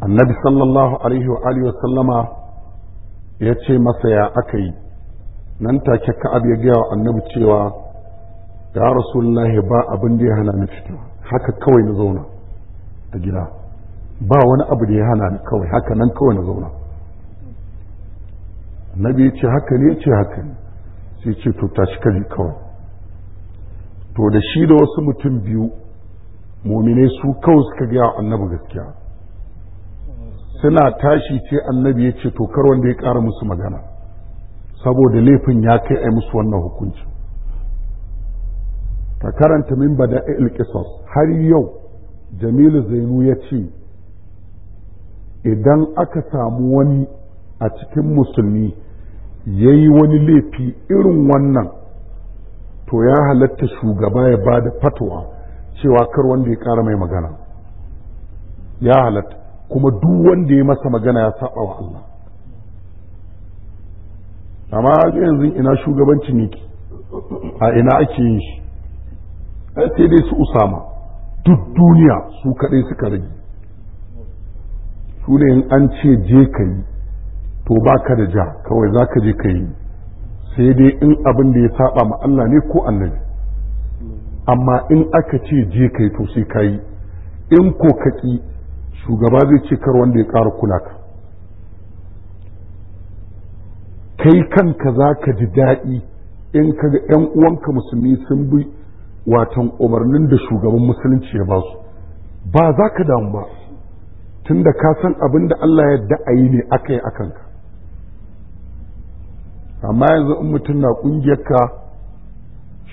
annabi sallallahu alaihi wa alihi sallama ya ce masa ya aka yi nan take ka'ab ya gaya wa annabi cewa ya rasulullahi ba abin da ya hana ni fita haka kawai na zauna a gida ba wani abu da ya hana ni kawai haka nan kawai na zauna annabi ya ce haka ne ya ce haka ne sai ce to tashi kaji kawai to da shi da wasu mutum biyu mominai su kawai suka gaya wa annabi gaskiya suna tashi ce annabi ya ce to kar wanda ya ƙara musu magana saboda laifin ya kai a musu wannan hukunci ka karanta min bada ilkisos har yau jamilu zainu ya ce idan aka samu wani a cikin musulmi ya yi wani laifi irin wannan to ya halatta shugaba ya ba da fatowa cewa kar wanda ya ƙara mai magana ya halatta kuma duk wanda ya masa magana ya saba wa Allah amma yanzu ina shugabanci niki a ina ake yin shi sai dai su usama duk duniya su kaɗai suka rage su ne in an ce je ka yi to baka da ja kawai zaka je ka yi sai dai in abin da ya saba ma Allah ne ko annabi amma in aka ce je kai to sai ka yi in ko ka shugaba zai ce kar wanda ya ƙara kula ka kai kanka za ka ji daɗi in ka ga 'yan uwanka musulmi sun bi watan umarnin da shugaban musulunci ya ba su ba za ka damu ba tun da ka san abin da Allah ya da'ayi ne aka yi akanka amma yanzu in mutum na ƙungiyarka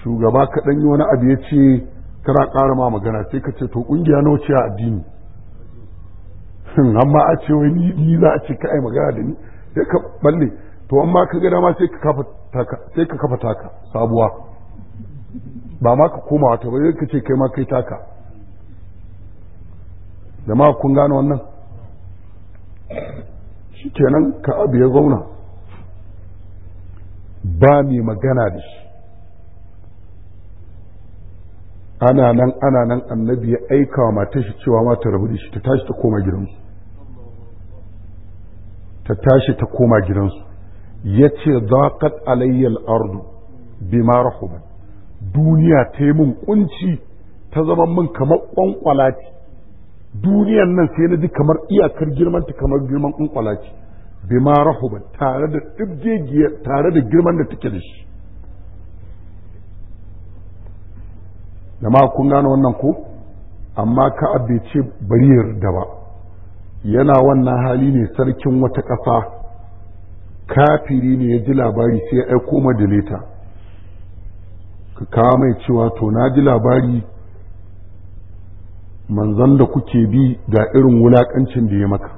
shugaba kaɗan yi wani abu ya ce kara ƙara ma magana sai ka ce to ƙungiya nawa ce a addini amma a ce wai ni za a ce kai magana da ni sai ka balle to amma ka ga dama sai ka kafa taka sai ka kafa taka sabuwa ba ma ka koma wata ba sai ka ce kai ma kai taka da ma kun gano wannan shi kenan ka abu ya zauna ba mai magana da shi ana nan ana nan annabi ya aika wa matar shi cewa mata rabu da shi ta tashi ta koma gidansu ta tashi ta koma gidansu ya ce zaƙat alayyal ardu bima ba duniya ta yi min kunci ta zama mun kamar ƙwanƙwala duniyan nan sai na ji kamar iyakar girmanta kamar girman ƙwanƙwala ce bima rahuban tare da tare da girman da take da shi da ma kun gane wannan ko amma ka bai ce bari yarda ba yana wannan hali ne sarkin wata ƙasa kafiri ne ya ji labari sai ya aiko madaleta ka kawo mai cewa to na ji labari manzon da kuke bi ga irin wulaƙancin da ya maka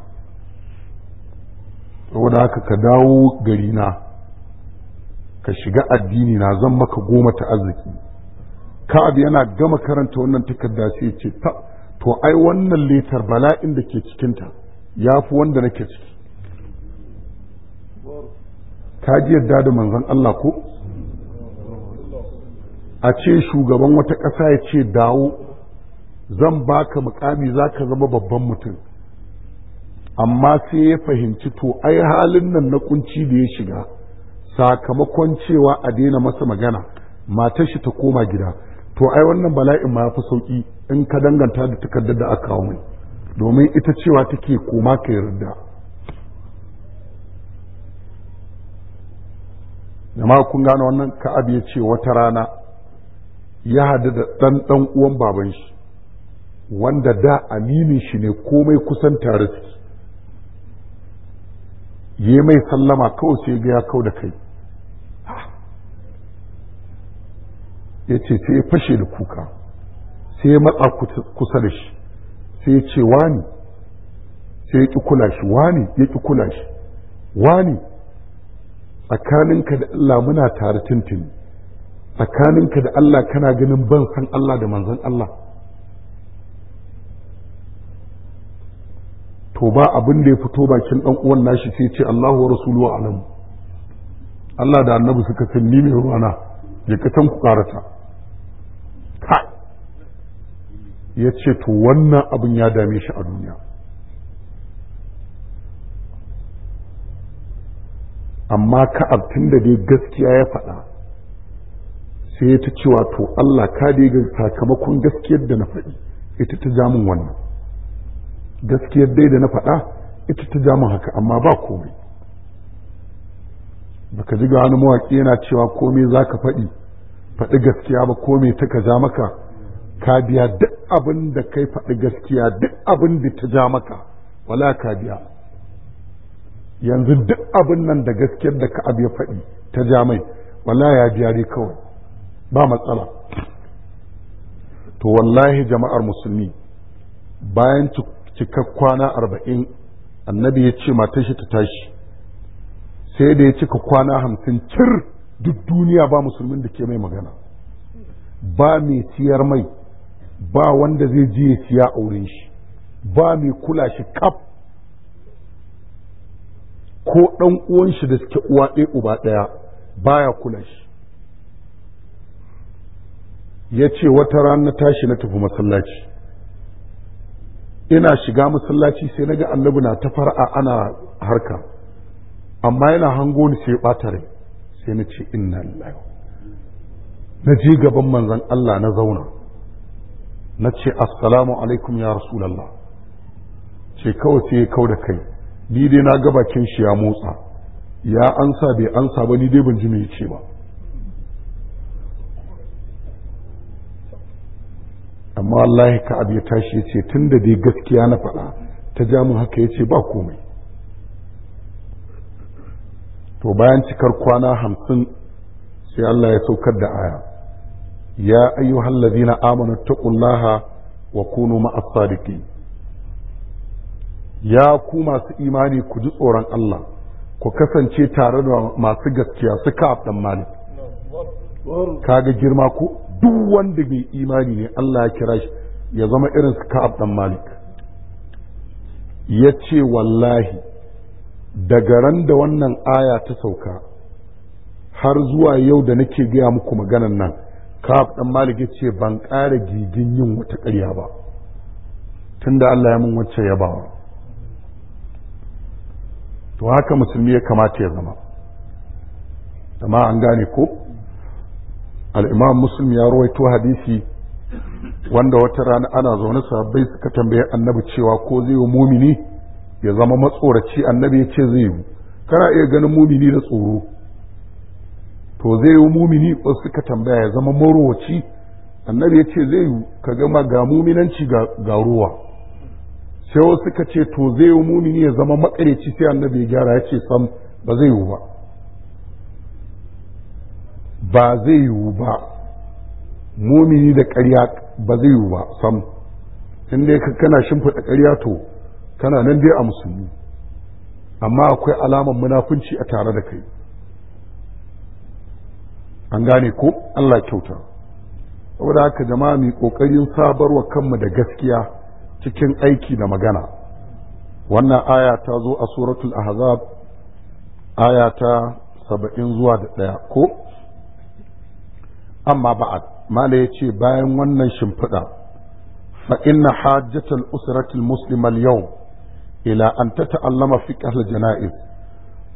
saboda haka ka dawo gari na ka shiga addini na zan maka goma ta arziki abu yana gama karanta wannan takarda sai ce ta to ai wannan letar bala'in da ke cikinta ya fi wanda nake ciki Ta ji yadda da manzon Allah ko a ce shugaban wata ƙasa ya ce dawo zan baka mukami za ka zama babban mutum amma sai ya fahimci to ai halin nan na kunci da ya shiga sakamakon cewa a daina masa magana matar shi ta koma gida to ai wannan bala'in ma ya fi sauƙi in ka danganta da takardar da aka mai domin ita cewa take koma ka yarda jama'a kun gane wannan ka'ab ya ce wata rana ya hadu da ɗan ɗan uwan baban shi wanda da aminin shi ne komai kusan tare su yi mai sallama kawai sai ga ya kau da kai ya ce sai ya fashe da kuka sai ya matsa kusa da shi sai ya ce wani sai ya ƙi kula shi wani ya ƙi kula shi wani tsakaninka da Allah muna tare tuntuni tsakaninka da Allah kana ganin ban san Allah da manzan Allah to ba abin da ya fito bakin ɗan uwan nashi sai ce Allahu wa rasuluhu alamu Allah da annabi suka san ni mai ruwana je katan ku karata ya ce to wannan abin ya dame shi a duniya amma ka tun da dai gaskiya ya faɗa sai ya ta cewa to Allah ka dai ga sakamakon gaskiyar da na faɗi ita ta jamun wannan gaskiyar dai da na faɗa ita ta jamun haka amma ba komai baka ji ga wani mawaƙi yana cewa komai za ka faɗi faɗi gaskiya ba komai ta ka maka ka biya duk abin da kai faɗi gaskiya duk abin da ta ja maka wala ka biya yanzu duk abin nan da gaskiyar da ka'ab ya faɗi ta ja mai wala ya biya kawai ba matsala to wallahi jama'ar musulmi bayan cika kwana arba'in annabi ya ce matar shi ta tashi sai da ya cika kwana hamsin cir duk duniya ba musulmin da ke mai magana ba mai siyar mai ba wanda zai je ya siya aure shi ba mai kula shi kaf ko ɗan uwan shi da suke uwa ɗaya uba ɗaya baya kula shi ya ce wata rana tashi na tafi masallaci ina shiga masallaci sai naga annabi na ta fara'a ana harka amma yana hango ni sai ɓata rai sai na ce inna lillahi na je gaban manzon Allah na zauna na ce assalamu alaikum ya rasulallah ce kawai sai ya kau da kai ni dai na ga bakin shi ya motsa ya ansa bai ansa ba ni dai ban ji mai ce ba amma wallahi ka ya tashi ya ce tun da dai gaskiya na faɗa ta ja haka ya ce ba komai to bayan cikar kwana hamsin sai Allah ya saukar da aya يا أيها الذين آمنوا اتقوا الله وكونوا مع الصادقين يا كوما إيماني كجزء عن الله كسن شيء تارد ما سجت يا سكاب تمالك kaga girma ko duk wanda bai imani ne Allah ya kira shi ya zama irin su ka ab'dan malik ya ce wallahi daga ran da wannan aya ta sauka har zuwa yau da nake gaya muku maganan nan kaf dan malik ya ce ban ƙara gigin yin wata ƙarya ba tunda Allah ya mun wacce ya bawa to haka musulmi ya kamata ya zama amma an gane ko al'imam muslim ya rawaito hadisi wanda wata rana ana zaune sahabbai suka tambaye annabi cewa ko zai yi mumini ya zama matsoraci annabi ya ce zai yi kana iya ganin mumini da tsoro to zai yi mumini wasu suka tambaya ya zama marowaci annabi ya ce zai yi ka gama ga muminanci ga ruwa sai wasu suka ce to zai yi mumini ya zama makareci sai annabi ya gyara ya ce sam ba zai yiwu ba ba zai yiwu ba mumini da ƙarya ba zai yiwu ba sam in dai kana shimfiɗa ƙarya to kana nan dai a musulmi amma akwai alamar munafunci a tare da kai an gane ko Allah kyauta saboda haka jama'a mai kokarin sabarwa kanmu da gaskiya cikin aiki da magana wannan aya ta zo a suratul ahzab aya ta saba'in zuwa da ɗaya ko amma ba'ad mala ya ce bayan wannan shimfiɗa fa inna usratul usratil muslimal yau ila an ta ta'allama fiqh al jana'iz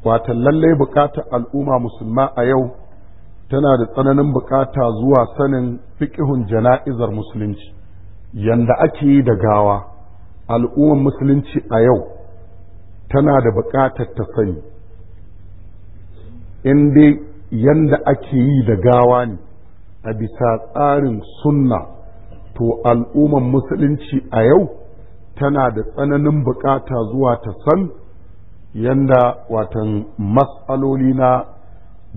wata lallai buƙatar al'umma musulma a yau tana da tsananin bukata zuwa sanin fiƙihun jana'izar musulunci yanda ake yi da gawa al'ummar musulunci a yau tana da bukatar ta sani Inda yanda ake yi da gawa ne a bisa tsarin sunna to al'ummar musulunci a yau tana da tsananin bukata zuwa ta san yanda watan mas'aloli na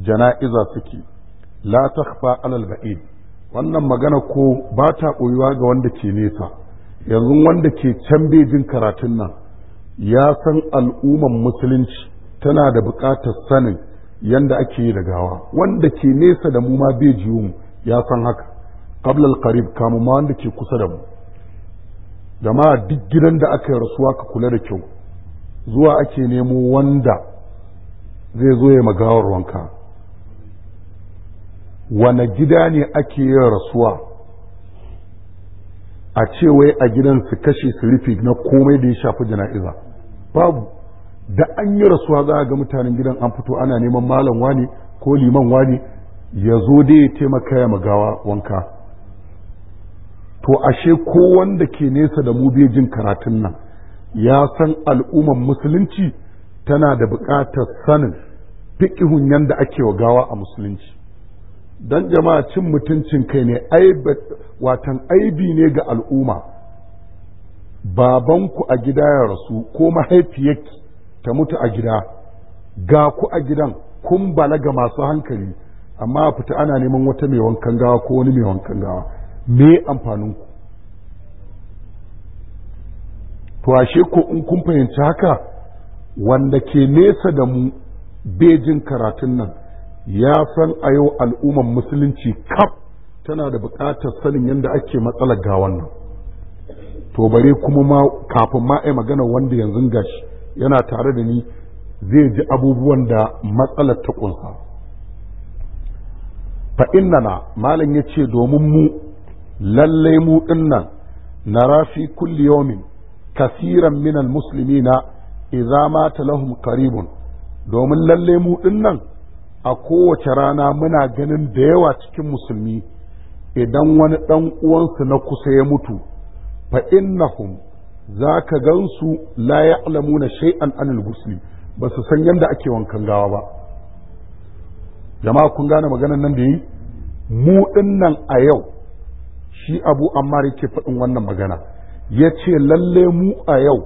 jana'iza suke la takfa alal ba'id wannan magana ko ba ta koyuwa ga wanda ke nesa yanzu wanda ke can bejin karatun nan ya san al'umman musulunci tana da buƙatar sanin yanda ake yi da gawa wanda ke nesa da mu ma bai mu ya san haka qabla al-qarib kamu ma wanda ke kusa da mu jama'a duk gidan da aka yi rasuwa ka kula da kyau zuwa ake nemo wanda zai zo ya magawar wanka wane gida ne ake yin rasuwa a ce wai a gidan su kashe su rufe na komai da ya shafi jana'iza babu da an yi rasuwa za a ga mutanen gidan an fito ana neman malam wani ko liman wani ya zo dai ya taimaka ya magawa wanka to ashe ko wanda ke nesa da mu bai jin karatun nan ya san al'umman musulunci tana da buƙatar sanin fiƙihun yanda ake wa gawa a musulunci don jama'a cin mutuncin kai ne watan aibi ne ga al'umma babanku a gida ya rasu ko mahaifiyarki ta mutu a gida ga ku a gidan kun balaga masu hankali amma fita ana neman wata mai wankan gawa ko wani mai wankan gawa me amfaninku to ashe ko in kun fahimci haka wanda ke nesa da mu bejin karatun nan ya san a yau al'umman musulunci kaf tana da buƙatar sanin yadda ake matsalar gawan nan to bare kuma ma kafin ma ai magana wanda yanzu gashi yana tare da ni zai ji abubuwan da matsalar ta ƙunsa fa innana malam ya ce domin mu lallai mu dinnan nara fi kulli yawmin kasiran minal muslimina idza mata lahum karibun domin lallai mu dinnan a kowace rana muna ganin da yawa cikin musulmi idan wani ɗan uwansu na kusa ya mutu fa innahum za ka gansu la ya'lamuna shay'an anil ghusli ba su san yadda ake wankan gawa ba jama'a kun gane maganar nan da yi mu nan a yau shi abu amma yake faɗin wannan magana ya ce lalle mu a yau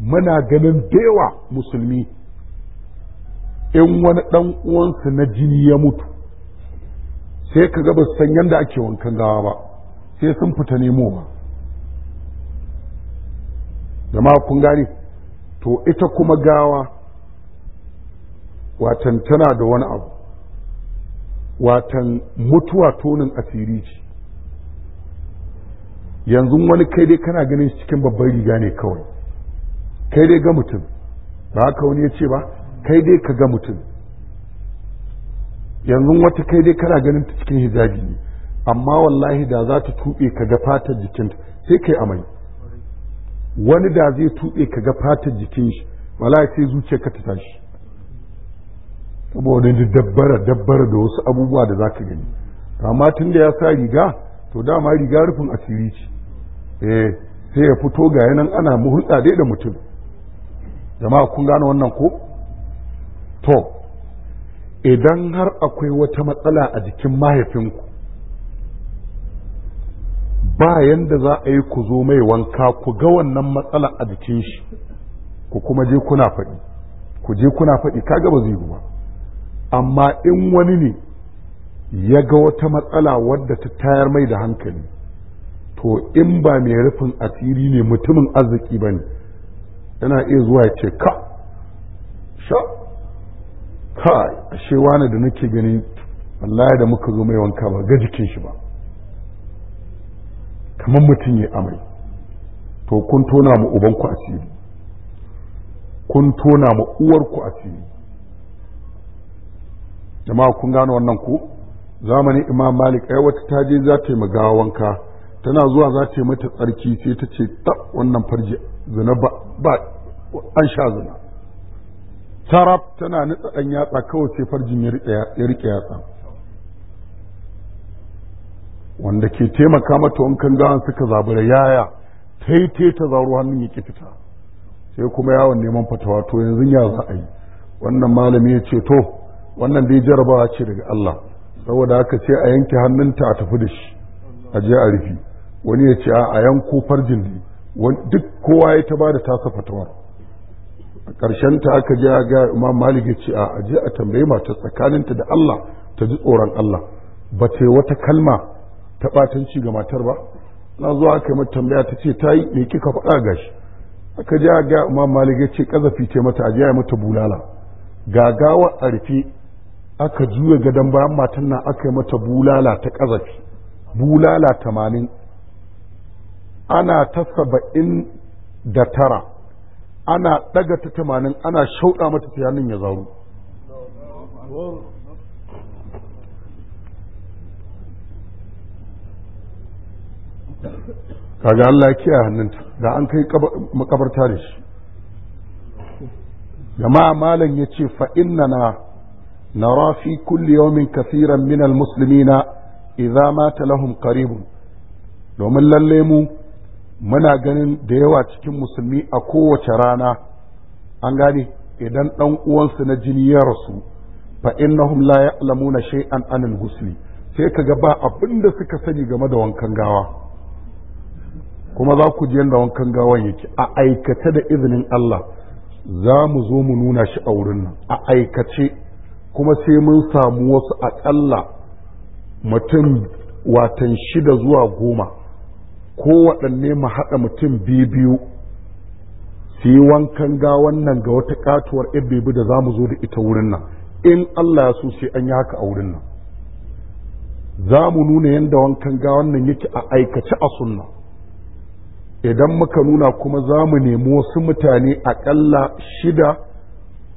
muna ganin da yawa musulmi in wani ɗan uwansu na jini ya mutu sai ka gaba san yadda ake wankan gawa ba sai sun fita nemo ba ma kun gane to ita kuma gawa watan tana da wani abu watan mutuwa tonin asiri ce yanzu wani kai dai kana ganin cikin babban riga ne kawai kai dai ga mutum ba haka wani ya ce ba kai dai ka ga mutum yanzu wata kai dai kana ganin ta cikin hijabi ne amma wallahi da za ta tuɓe ka ga fatar jikinta sai kai amai wani da zai tuɓe ka ga fatar jikin shi wallahi sai zuce ka ta tashi saboda da dabbara dabbara da wasu abubuwa da za ka gani amma tun da ya sa riga to dama riga rufin asiri ce eh sai ya fito ga yanan ana hulɗa dai da mutum jama'a kun gane wannan ko to idan har akwai wata matsala a jikin mahaifinku ba yanda za a yi ku zo mai wanka ku ga wannan matsala a jikin shi ku kuma je kuna faɗi ku je kuna faɗi kaga ba zai ruwa amma in wani ne ya ga wata matsala wadda ta tayar mai da hankali to in ba mai rufin asiri ne mutumin arziki ba ne yana iya zuwa ya ce ka sha kai ashe wani da nake gani wallahi da muka zo mai wanka ba ga jikin shi ba kamar mutum ya amai to kun tona mu ubanku asiri kun tona ma uwarku asiri jama'a kun gano wannan ku zamanin imam malik ai wata ta je za ta yi magawa wanka tana zuwa za ta yi mata tsarki sai ta ce ta wannan farji zina ba an sha zina tarab tana nutsa ɗan yatsa kawai sai farjin ya rike yatsa wanda ke taimaka mata wankan gawan suka zabura yaya taitai ta zaro hannun ya fita sai kuma yawon neman fatawa to yanzu ya za a yi wannan malami ya ce to wannan dai jarabawa ce daga Allah saboda haka sai a yanke hannunta a tafi da shi a je a rufi wani ya ce a yanko farjin ne. duk kowa ya ta ba da tasa fatawar ƙarshen ta aka a ga Imam Malik ya ce a aje a tambaye mata tsakaninta da Allah ta ji tsoron Allah ba ta wata kalma ta batanci ga matar ba na zuwa aka yi mata tambaya ta ce ta yi me kika faɗa shi. aka je ga Imam Malik ya ce kazafi ce mata a je ya mata bulala gagawa a rufe aka juya gadon bayan matan na aka yi mata bulala ta ƙazafi. bulala tamanin ana ta saba'in da tara ana ɗaga ta tamanin ana shauɗa mata ta hannun ya zaru kaga Allah ya kiyaye hannunta da an kai makabarta da shi jama'a malam ya ce fa innana nara fi kulli yawmin kathiran min almuslimina idza mata lahum qaribun domin lalle mu muna ganin da yawa cikin musulmi a kowace rana an gane idan ɗan uwansu na jini ya rasu fa innahum la ya'lamuna shay'an anil husli sai kaga ba abin da suka sani game da wankan gawa kuma za ku je da wankan gawan yake a aikata da izinin Allah za mu zo mu nuna shi a wurin nan a aikace kuma sai mun samu wasu aƙalla mutum watan shida zuwa goma Ko waɗanne mu haɗa mutum biyu biyu su yi wankan ga wannan ga wata ƙatuwar ibbibi da za mu zo da ita wurin nan in Allah ya so sai an yi haka a wurin nan za mu nuna yadda wankan ga wannan yake a aikace a sunna idan muka nuna kuma za mu nemi wasu mutane aƙalla shida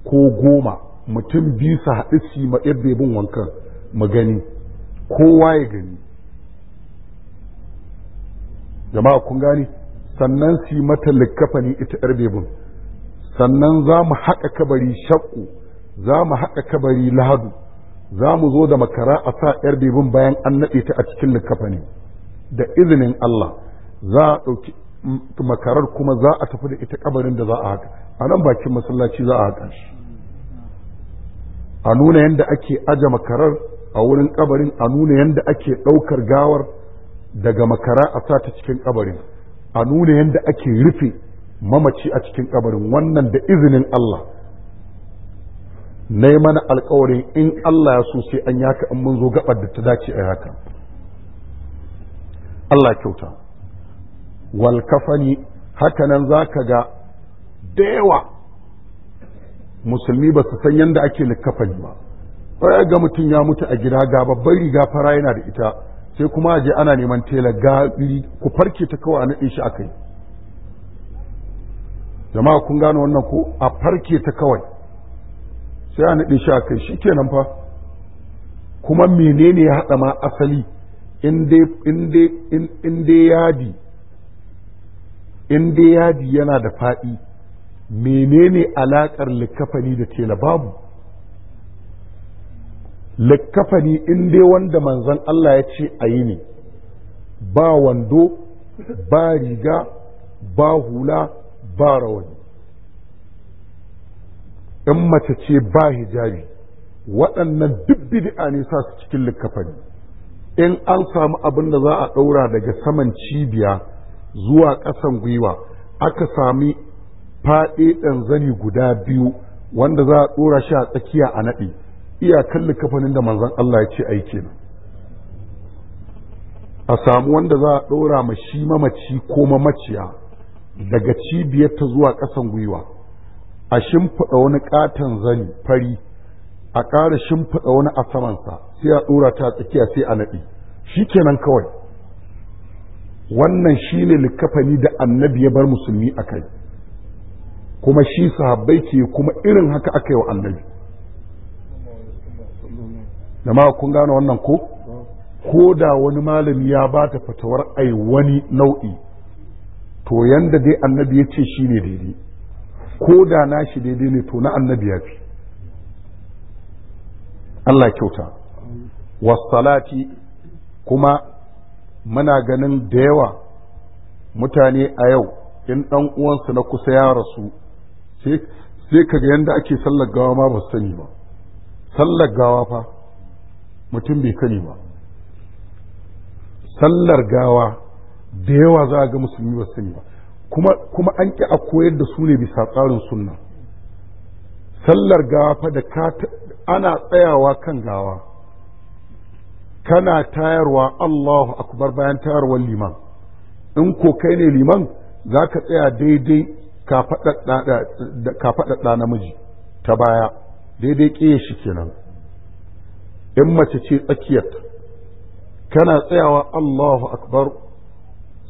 ko goma mutum biyu su haɗu su yi ma wankan mu gani kowa ya gani jama'a kun gani? sannan su yi mata likkafani ita yar bebin sannan za mu haƙa kabari shakku za mu haƙa kabari lahadu za mu zo da makara a sa yar bebin bayan an naɗe ta a cikin likafani. da izinin Allah za a ɗauki makarar kuma za a tafi da ita kabarin da za a haka a nan bakin masallaci za a haka shi a nuna yadda ake aje makarar a wurin kabarin a nuna yadda ake ɗaukar gawar daga makara a sata cikin kabarin a nuna yadda ake rufe mamaci a cikin kabarin wannan da izinin Allah na yi mana alkawarin in Allah ya so sai an yaka in mun zo gabar da ta dace a haka Allah kyauta wal kafani haka nan za ka ga da yawa musulmi ba su san yadda ake kafani ba ga mutum ya mutu a gida ga babbar riga fara yana da ita sai kuma je ana neman tela gari ku farke ta kawai a naɗe akai jama'a kun gane wannan ko a farke ta kawai sai a naɗe shi akai shi kenan fa kuma menene ya haɗa ma asali in dai yadi in dai yadi yana da faɗi menene alaƙar likafani da tela babu likkafani in dai wanda manzon Allah ya ce a yi ne ba wando ba riga ba hula ba rawani in mace ce ba hijabi waɗannan duk bid'a ne sa su cikin likkafani in an samu abin da za a ɗaura daga saman cibiya zuwa ƙasan gwiwa aka sami faɗe ɗan zani guda biyu wanda za a ɗora shi a tsakiya a naɗe iyakar likafanin da manzon Allah ya ce aiki kenan a samu wanda za a ɗora ma shi mamaci ko mamaciya daga cibiyarta zuwa ƙasan gwiwa a shimfiɗa wani ƙaton zani fari a ƙara shimfiɗa wani a samansa sai a ɗora ta tsakiya sai a naɗi shi kenan kawai wannan shi ne likafani da annabi ya bar musulmi a kai kuma shi sahabbai ke kuma irin haka aka yi wa annabi Da jama'a kun gane wannan ko ko da wani malami ya ba ta fatawar ai wani nau'i to yanda dai annabi ya ce shi ne daidai ko da na shi daidai ne to na annabi ya fi Allah kyauta wasalati kuma muna ganin da yawa mutane a yau in ɗan uwansu na kusa ya rasu sai kaga yadda ake sallar gawa ma ba sani ba sallar gawa fa mutum bai sani ba sallar gawa da yawa za a ga musulmi ba sani ba kuma an ƙi a koyar da su ne bisa tsarin sunna sallar gawa fa da ana tsayawa kan gawa kana tayarwa Allahu akbar bayan tayarwar liman in ko kai ne liman za ka tsaya daidai ka faɗaɗa namiji ta baya daidai ƙiye shi kenan in mace ce tsakiyarta kana tsayawa Allahu akbar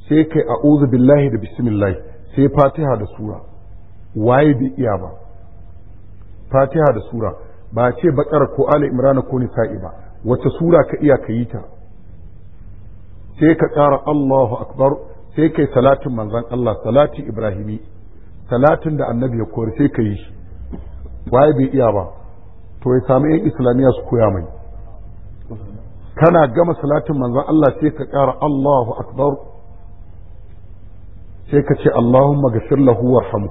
sai kai a'udhu billahi da bismillah sai fatiha da sura waye bai iya ba fatiha da sura ba ce bakar ko ali imran ko nisa'i ba wace sura ka iya ka yi ta sai ka tsara Allahu akbar sai kai salatin manzon Allah salati ibrahimi salatin da annabi ya kori sai ka yi shi waye bai iya ba to ya sami yan islamiya su koya mai kana gama salatin manzon Allah sai ka ƙara Allahu akbar sai ka ce Allahumma gafir lahu warhamu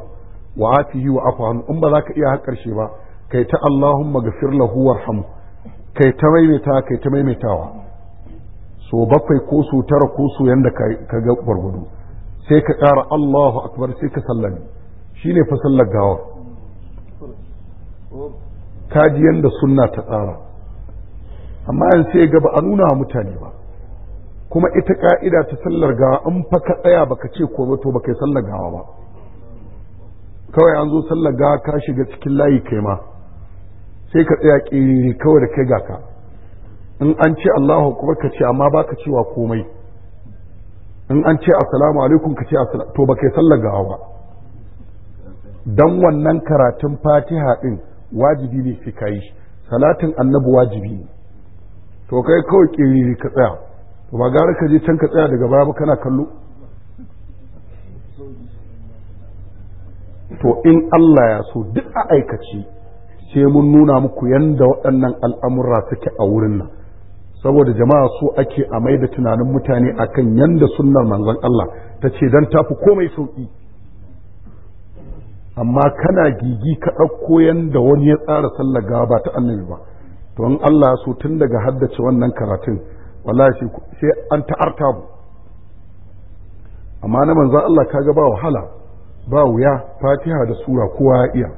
wa atihi wa afu anhu in ba za ka iya har karshe ba kai ta Allahumma gafir lahu warhamu kai ta maimaita kai ta maimaitawa so bakwai ko su tara ko su yanda ka ga gwargwado sai ka ƙara Allahu akbar sai ka sallami shine fa sallar gawa ji yanda sunna ta tsara amma an sai ga ba a nuna wa mutane ba kuma ita ka'ida ta sallar gawa an fa ka tsaya baka ce ko to baka yi sallar gawa ba kawai an zo sallar gawa ka shiga cikin layi kai ma sai ka tsaya kiri kawai da kai ga ka in an ce Allahu akbar ka ce amma baka cewa komai in an ce assalamu alaikum ka ce to baka yi sallar gawa ba dan wannan karatun Fatiha din wajibi ne sai kai salatin annabi wajibi ne to kai kawai ƙiriri ka tsaya to ba gara ka je can ka tsaya daga baya ba kana kallo to in Allah ya so duk a aikaci sai mun nuna muku yanda waɗannan al'amura suke a wurin nan saboda jama'a so ake a mai da tunanin mutane akan yanda sunnar manzon Allah ta ce don tafi komai sauƙi amma kana gigi ka ɗauko yanda wani ya tsara sallar ga ba ta annabi ba to in Allah so tun daga haddace wannan karatun wallahi sai an ta'arta mu amma na manzan Allah kaga ba wahala ba wuya fatiha da sura kowa ya iya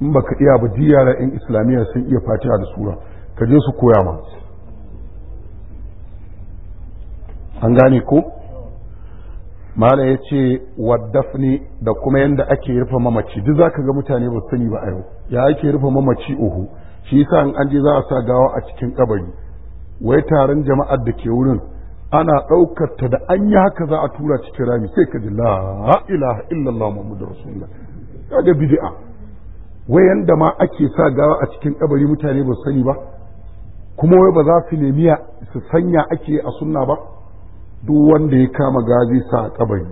in baka iya ba ji in islamiyya sun iya fatiha da sura ka je su koya ma an gane ko mala ya ce waddafni da kuma yadda ake rufe mamaci duk zaka ga mutane ba sani ba a yau ya ake rufe mamaci uhu shi yasa in an je za a sa gawa a cikin kabari wai taron jama'ar da ke wurin ana daukar ta da an yi haka za a tura cikin rami sai ka ji la ilaha illallah muhammadu rasulullah kaga bid'a wai yanda ma ake sa gawa a cikin kabari mutane ba sani ba kuma wai ba za su nemi su sanya ake a sunna ba duk wanda ya kama gazi sa a kabari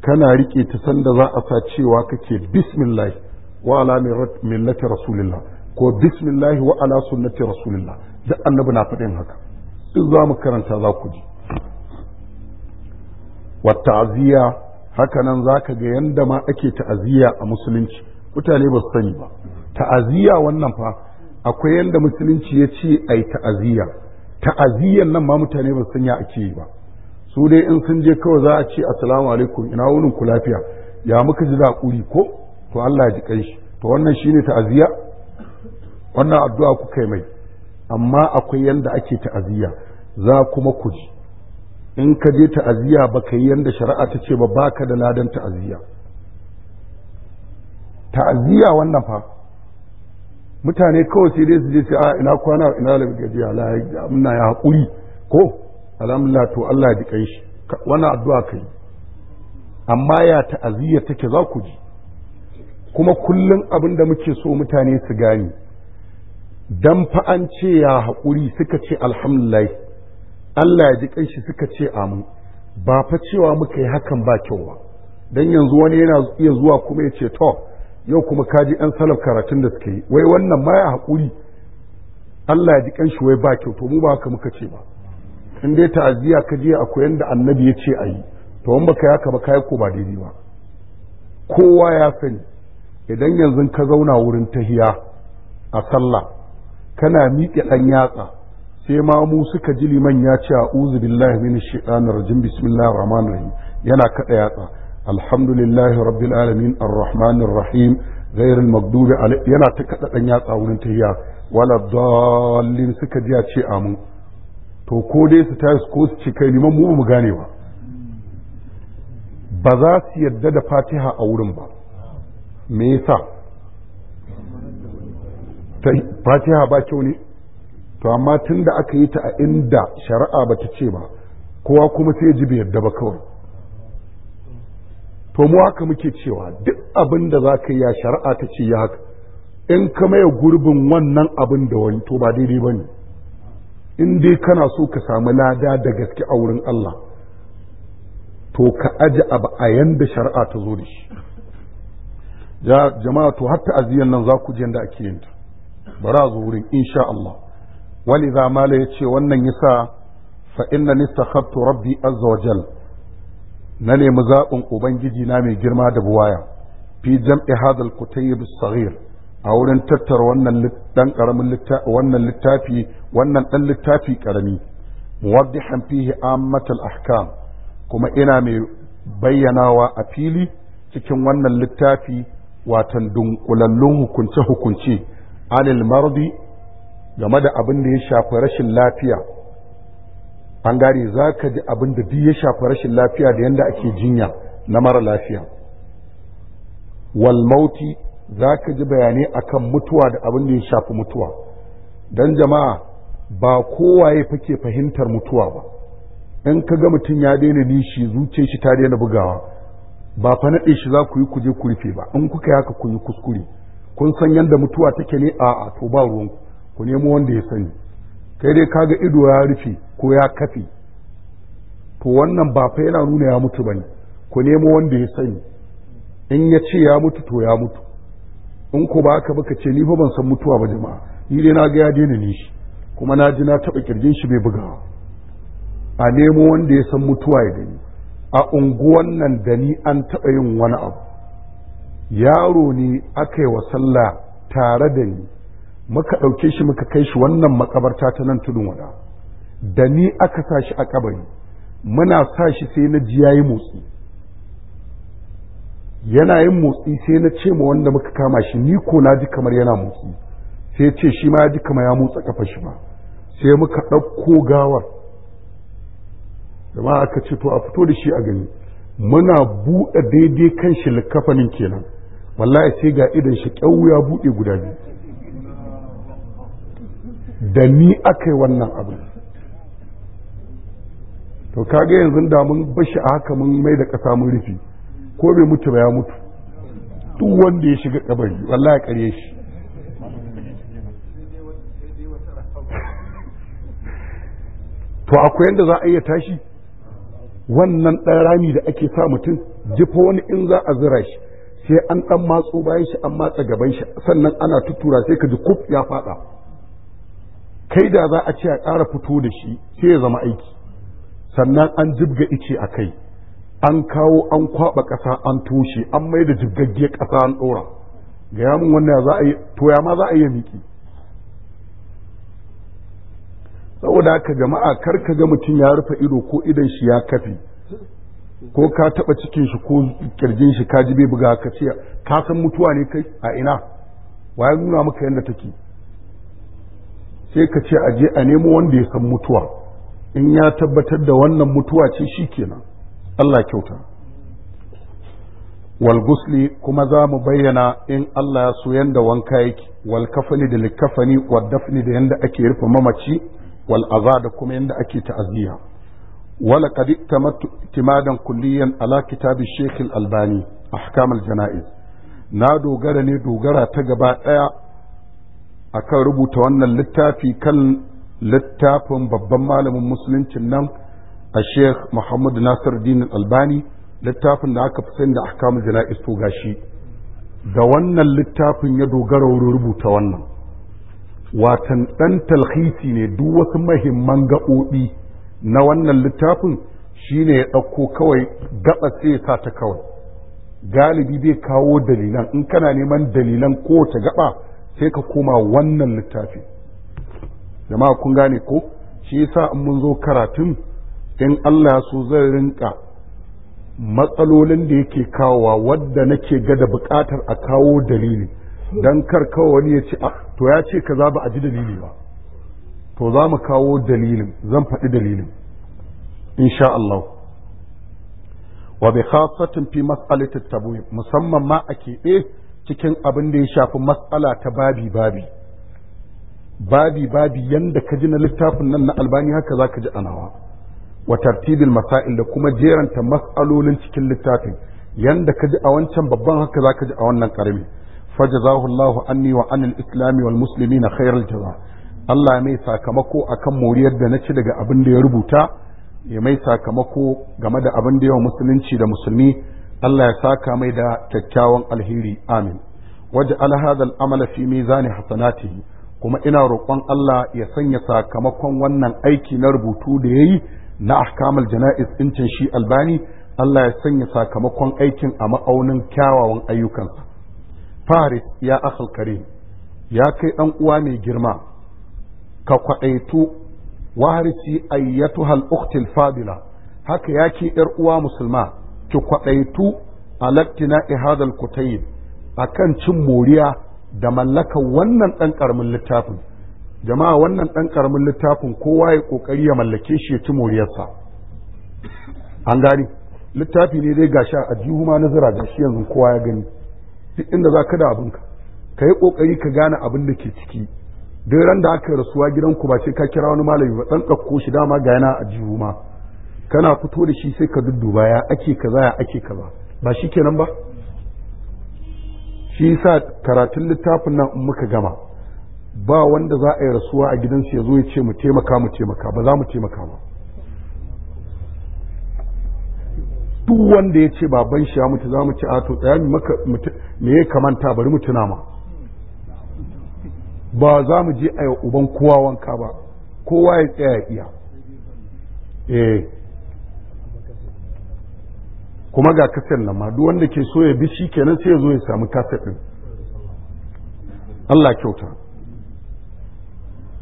kana rike ta sanda za a sa cewa kake bismillah wa ala millati rasulillah ko bismillahi wa ala sunnati rasulillah duk annabi na faɗin haka duk za mu karanta za ku ji wa ta'ziya haka nan za ka ga yanda ma ake ta'aziyya a musulunci mutane ba su sani ba ta'aziyya wannan fa akwai yanda musulunci ya ce ai ta'aziyya ta'aziyyan nan ma mutane ba su sanya ake yi ba su dai in sun je kawai za a ce assalamu alaikum ina wunin ku lafiya ya muka ji da ko to Allah ya ji shi. to wannan shine ta'aziyya wannan addu'a kuka yi mai amma akwai yanda ake ta'aziyya za kuma ku ji in ka je ta'aziyya ba ka yi yanda shari'a ta ce ba baka da ladan ta'aziyya ta'aziyya wannan fa mutane kawai sai dai su je sai a ah, ina kwana ina da gajiya muna ya haƙuri, ko alhamdulillah to Allah ya ji shi wannan addu'a kai amma ya ta'aziyya take za ku ji kuma kullum abinda muke so mutane su gane dan fa an ce ya haƙuri suka ce alhamdulillah Allah ya ji ƙanshi suka ce amin ba fa cewa muka yi hakan ba kyau ba dan yanzu wani yana iya zuwa kuma ya ce to yau kuma ka ji 'yan salaf karatun da suka yi wai wannan ma ya haƙuri Allah ya ji ƙanshi wai ba kyau to mu ba haka muka ce ba in dai ta'aziyya ka je akwai yanda annabi ya ce a yi to in baka yaka ba kai ko ba daidai ba kowa ya sani idan yanzu ka zauna wurin tahiya a sallah kana miƙe ɗan yatsa sai ma mu suka ji liman ya ce a'udhu billahi minash shaitanir rajim bismillahir rahmanir rahim yana kada yatsa alhamdulillahi rabbil alamin arrahmanir rahim غير المغضوب عليه yana ta kada ɗan yatsa wurin tahiya wala dallin suka ji a ce amu to ko dai su tashi ko su ci kai liman mu mu gane ba ba za su yadda da fatiha a wurin ba me yasa fatiha ba kyau ne to amma tun da aka yi ta a inda shari'a ba ta ce ba kowa kuma sai ji bai yarda ba kawai to mu haka muke cewa duk abin da za ka yi ya shari'a ta ce ya haka in ka maye gurbin wannan abin da wani to ba daidai ba ne in dai kana so ka sami lada da gaske a wurin Allah to ka aji abu a yanda shari'a ta zo da shi jama'a to har ta'aziyan nan za ku ji yanda ake yin bari a zo wurin insha Allah waliza mala ya ce wannan yasa fa inna nistakhattu rabbi azza wa jal na nemi zaɓin ubangiji na mai girma da buwaya fi jam'i hadal kutayib saghir a wurin tattara wannan dan karamin littafi wannan littafi wannan dan littafi karami muwaddihan fihi ammatul ahkam kuma ina mai bayyanawa a fili cikin wannan littafi watan dunkulallun hukunce-hukunce anil marbi game da abin da ya shafi rashin lafiya an gari za ka ji abin da duk ya shafi rashin lafiya da yadda ake jinya na mara lafiya walmauti za ka ji bayanai akan mutuwa da abin da ya shafi mutuwa don jama'a ba kowa ya fake fahimtar mutuwa ba in ka ga mutum ya daina nishi zuciyar shi ta daina bugawa ba fa naɗe shi za ku yi kuje ku rufe ba in kuka yi haka ku yi kuskure kun san yadda mutuwa take ne a a to ba ruwanku ku nemo wanda ya sani kai dai kaga ido ya rufe ko ya kafe to wannan ba fa yana nuna ya mutu bane ku nemo wanda ya sani in ya ce ya mutu to ya mutu in ku ba haka baka ce ni fa ban san mutuwa ba jama'a ni dai na ga ya daina ni shi kuma na ji na taba kirgin shi bai bugawa a nemo wanda ya san mutuwa ya gani a unguwan nan da ni an taɓa yin wani abu yaro ne aka yi wa sallah tare da ni muka ɗauke shi muka kai shi wannan makabarta ta nan tudun wada da ni aka sa shi a kabari muna sa shi sai na ji yayi motsi yana yin motsi sai na ce ma wanda muka kama shi ni ko na ji kamar yana motsi sai ce shi ma ya ji kamar ya motsa kafa shi ba sai muka ɗauko gawar da ma aka ce to a fito da shi a gani muna buɗe daidai kan shi likafanin kenan wallahi sai ga idan shi kyau ya buɗe guda biyu da ni aka yi wannan abin to kaga yanzu da mun bashi a haka mun mai da ƙasa mun rufi ko bai mutu ba ya mutu duk wanda ya shiga kabari wallahi ƙarye shi to akwai yadda za a iya tashi wannan ɗan rami da ake sa mutum jifa wani in za a zira shi sai an ɗan matso bayan shi an matsa gaban shi sannan ana tutura sai ka ji kuf ya faɗa kai da za a ce a ƙara fito da shi sai ya zama aiki sannan an jibga ice a kai an kawo an kwaɓa ƙasa an toshe an mai da jibgaggiyar ƙasa an ɗora ga yamin wannan za a yi to ya ma za a yi miki saboda haka jama'a kar ka ga mutum ya rufe ido ko idan shi ya kafe ko ka taba cikin shi ko kirjin shi ka ji bai buga ka ce ka san mutuwa ne kai a ina wa nuna maka yadda take sai ka ce je a nemo wanda ya san mutuwa in ya tabbatar da wannan mutuwa ce shi kenan Allah kyauta wal gusli kuma za mu bayyana in Allah ya so yanda wanka yake wal kafani da likafani wad dafni da yanda ake rufe mamaci wal da kuma yadda ake ta'aziyya wala qad timadan kulliyan ala kitabi shaykh albani ahkam janaiz na dogara ne dogara ta gaba daya akan rubuta wannan littafi kan littafin babban malamin musuluncin nan a shek muhammad nasir din albani littafin da aka fi sani da ahkamul jana'iz to gashi da wannan littafin ya dogara wurin rubuta wannan watan ɗan talhisi ne duk wasu mahimman gaɓoɓi na wannan littafin shine ya ɗauko kawai gaɓa sai sa ta kawai galibi zai kawo dalilan in kana neman dalilan kowace gaɓa sai ka koma wannan littafi jama'a kun gane ko shi yasa in mun zo karatun in Allah ya so zai rinka matsalolin da yake kawowa wadda nake ga da buƙatar a kawo dalili don kar kawai wani ya ce ah, to ya ce kaza ba a ji dalili ba to za mu kawo dalilin zan faɗi dalilin insha Allah wa bi khasatin fi mas'alati tabwi musamman ma a keɓe cikin abin da ya shafi mas'ala ta babi babi babi babi yanda ka ji na littafin nan na albani haka zaka ka ji anawa wa tartibil masail da kuma jeranta mas'alolin cikin littafin yanda ka ji a wancan babban haka zaka ji a wannan ƙarami fajazahu Allahu anni wa anil islami wal muslimina khairal jaza Allah mai sakamako kan moriyar da na ci daga abin da ya rubuta ya mai sakamako game da abin da yawa musulunci da musulmi Allah ya saka mai da kyakkyawan alheri amin waje alhazal amala fi mizani hasanatihi kuma ina roƙon Allah ya sanya sakamakon wannan aiki na rubutu da yayi na ahkamul jana'iz incin shi albani Allah ya sanya sakamakon aikin a ma'aunin kyawawan ayyukansa faris ya akhal karim ya kai dan uwa mai girma ka kwadaitu warisi ayyatuhal ukhtil fadila haka ya ke yar uwa musulma ki kwadaitu alaktina ihadal kutayib akan cin moriya da mallaka wannan dan karamin littafin jama'a wannan dan karamin littafin kowa ya kokari ya mallake shi ya ci moriyarsa an gani littafi ne dai gashi a jihu ma na zira gashi yanzu kowa ya gani duk inda za ka da abinka ka yi ƙoƙari ka gane abin da ke ciki duk ran da aka rasuwa gidanku ba sai ka kira wani malami ba ɗan ɗauko shi dama ga yana a jihu ma kana fito da shi sai ka dudduba ya ake kaza ya ake kaza ba shi kenan ba shi sa karatun littafin nan in muka gama ba wanda za a yi rasuwa a gidansu ya zo ya ce mu taimaka mu taimaka ba za mu taimaka ba duk wanda ya ce baban shi ya mutu za mu ci ato tsaya me ya kamanta bari mu tuna ma ba za mu je a yi uban kowa wanka ba kowa ya tsaya iya eh kuma ga kasar nan ma duk wanda ke so ya bi shi kenan sai ya zo ya sami kasar ɗin Allah kyauta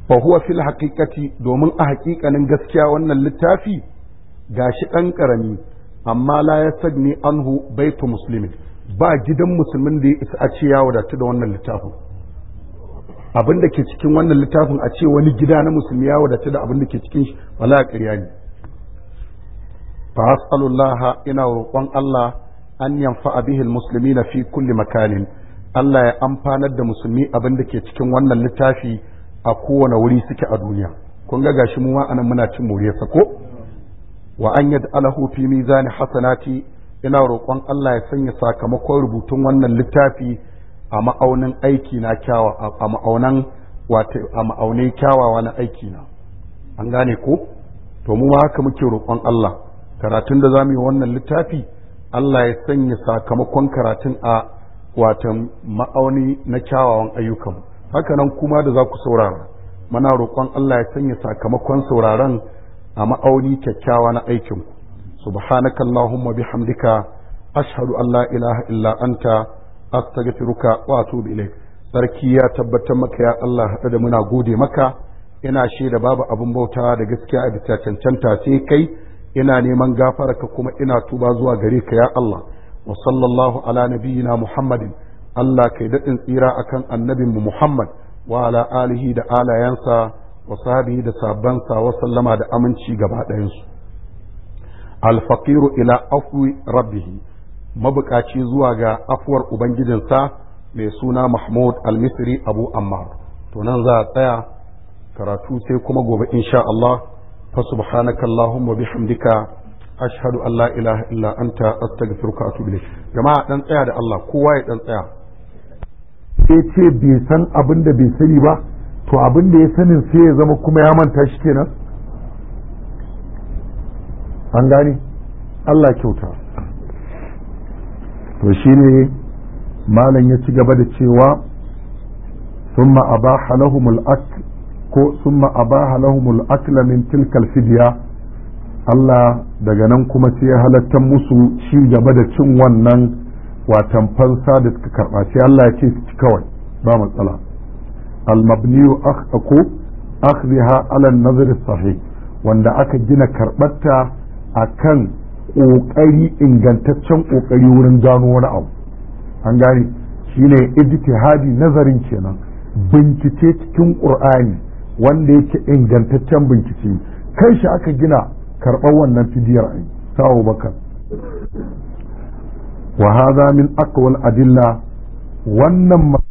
fa huwa fil haqiqati domin a haƙiƙanin gaskiya wannan littafi gashi ɗan ƙarami amma la ya sagni anhu baitu muslimin ba gidan musulmin da ya isa a ce ya wadatu da wannan littafin abin da ke cikin wannan littafin a ce wani gida na musulmi ya wadatu da abin da ke cikin shi wala ƙarya ne fa as'alullah ina roƙon Allah an yanfa musulmi na fi kulli makanin Allah ya amfanar da musulmi abin da ke cikin wannan littafi a kowane wuri suke a duniya kun ga gashi mu ma anan muna cin moriyarsa ko wa an alahu fi mizani hasanati ina roƙon Allah ya sanya sakamakon rubutun wannan littafi a ma'aunin aiki na kyawa a ma'aunan wato a ma'aunai kyawawa na aiki na an gane ko to mu ma haka muke roƙon Allah karatun da zamu yi wannan littafi Allah ya sanya sakamakon karatun a watan ma'auni na kyawawan ayyukan haka nan kuma da za ku saurara muna roƙon Allah ya sanya sakamakon sauraron a ma'auni kyakkyawa na aikinku subhanakallahumma bihamdika ashhadu an la ilaha illa anta astaghfiruka wa atubu ilaik sarki ya tabbatar maka ya Allah haɗa da muna gode maka ina shaida babu abin bauta da gaskiya a bisa cancanta sai kai ina neman gafararka kuma ina tuba zuwa gare ka ya Allah wa sallallahu ala nabiyyina muhammadin Allah kai daɗin tsira akan annabinmu muhammad wa ala alihi da alayansa wa da sabansa wa sallama da aminci gabaɗayansu. ɗayansu alfaqiru ila afwi rabbihi mabukaci zuwa ga afuwar ubangijinsa mai suna mahmud almisri abu ammar to nan za a tsaya karatu sai kuma gobe in sha Allah fa subhanaka allahumma bihamdika ashhadu an la ilaha illa anta astaghfiruka wa atubu ilayk jama'a ɗan tsaya da Allah kowa ya dan tsaya sai ce bai san abin da bai sani ba to abin da ya sanin sai ya zama kuma ya manta shi kenan an gani Allah kyauta to shi ne malam ya ci gaba da cewa summa abaha lahumul ak ko summa abaha lahumul akla min tilkal fidya Allah daga nan kuma sai ya halatta musu shi gaba da cin wannan watan fansa da suka karɓa sai Allah ya ce su ci kawai ba matsala almabniyu ko akhriha ala nazar sahih wanda aka gina karɓarta a kan ƙoƙari ingantaccen ƙoƙari wurin gano wani abu an gane shine ijtihadi nazarin kenan bincike cikin ƙur'ani wanda yake ingantaccen bincike kai shi aka gina karɓar wannan fidiyar ai sawo bakar wa min aqwal adilla wannan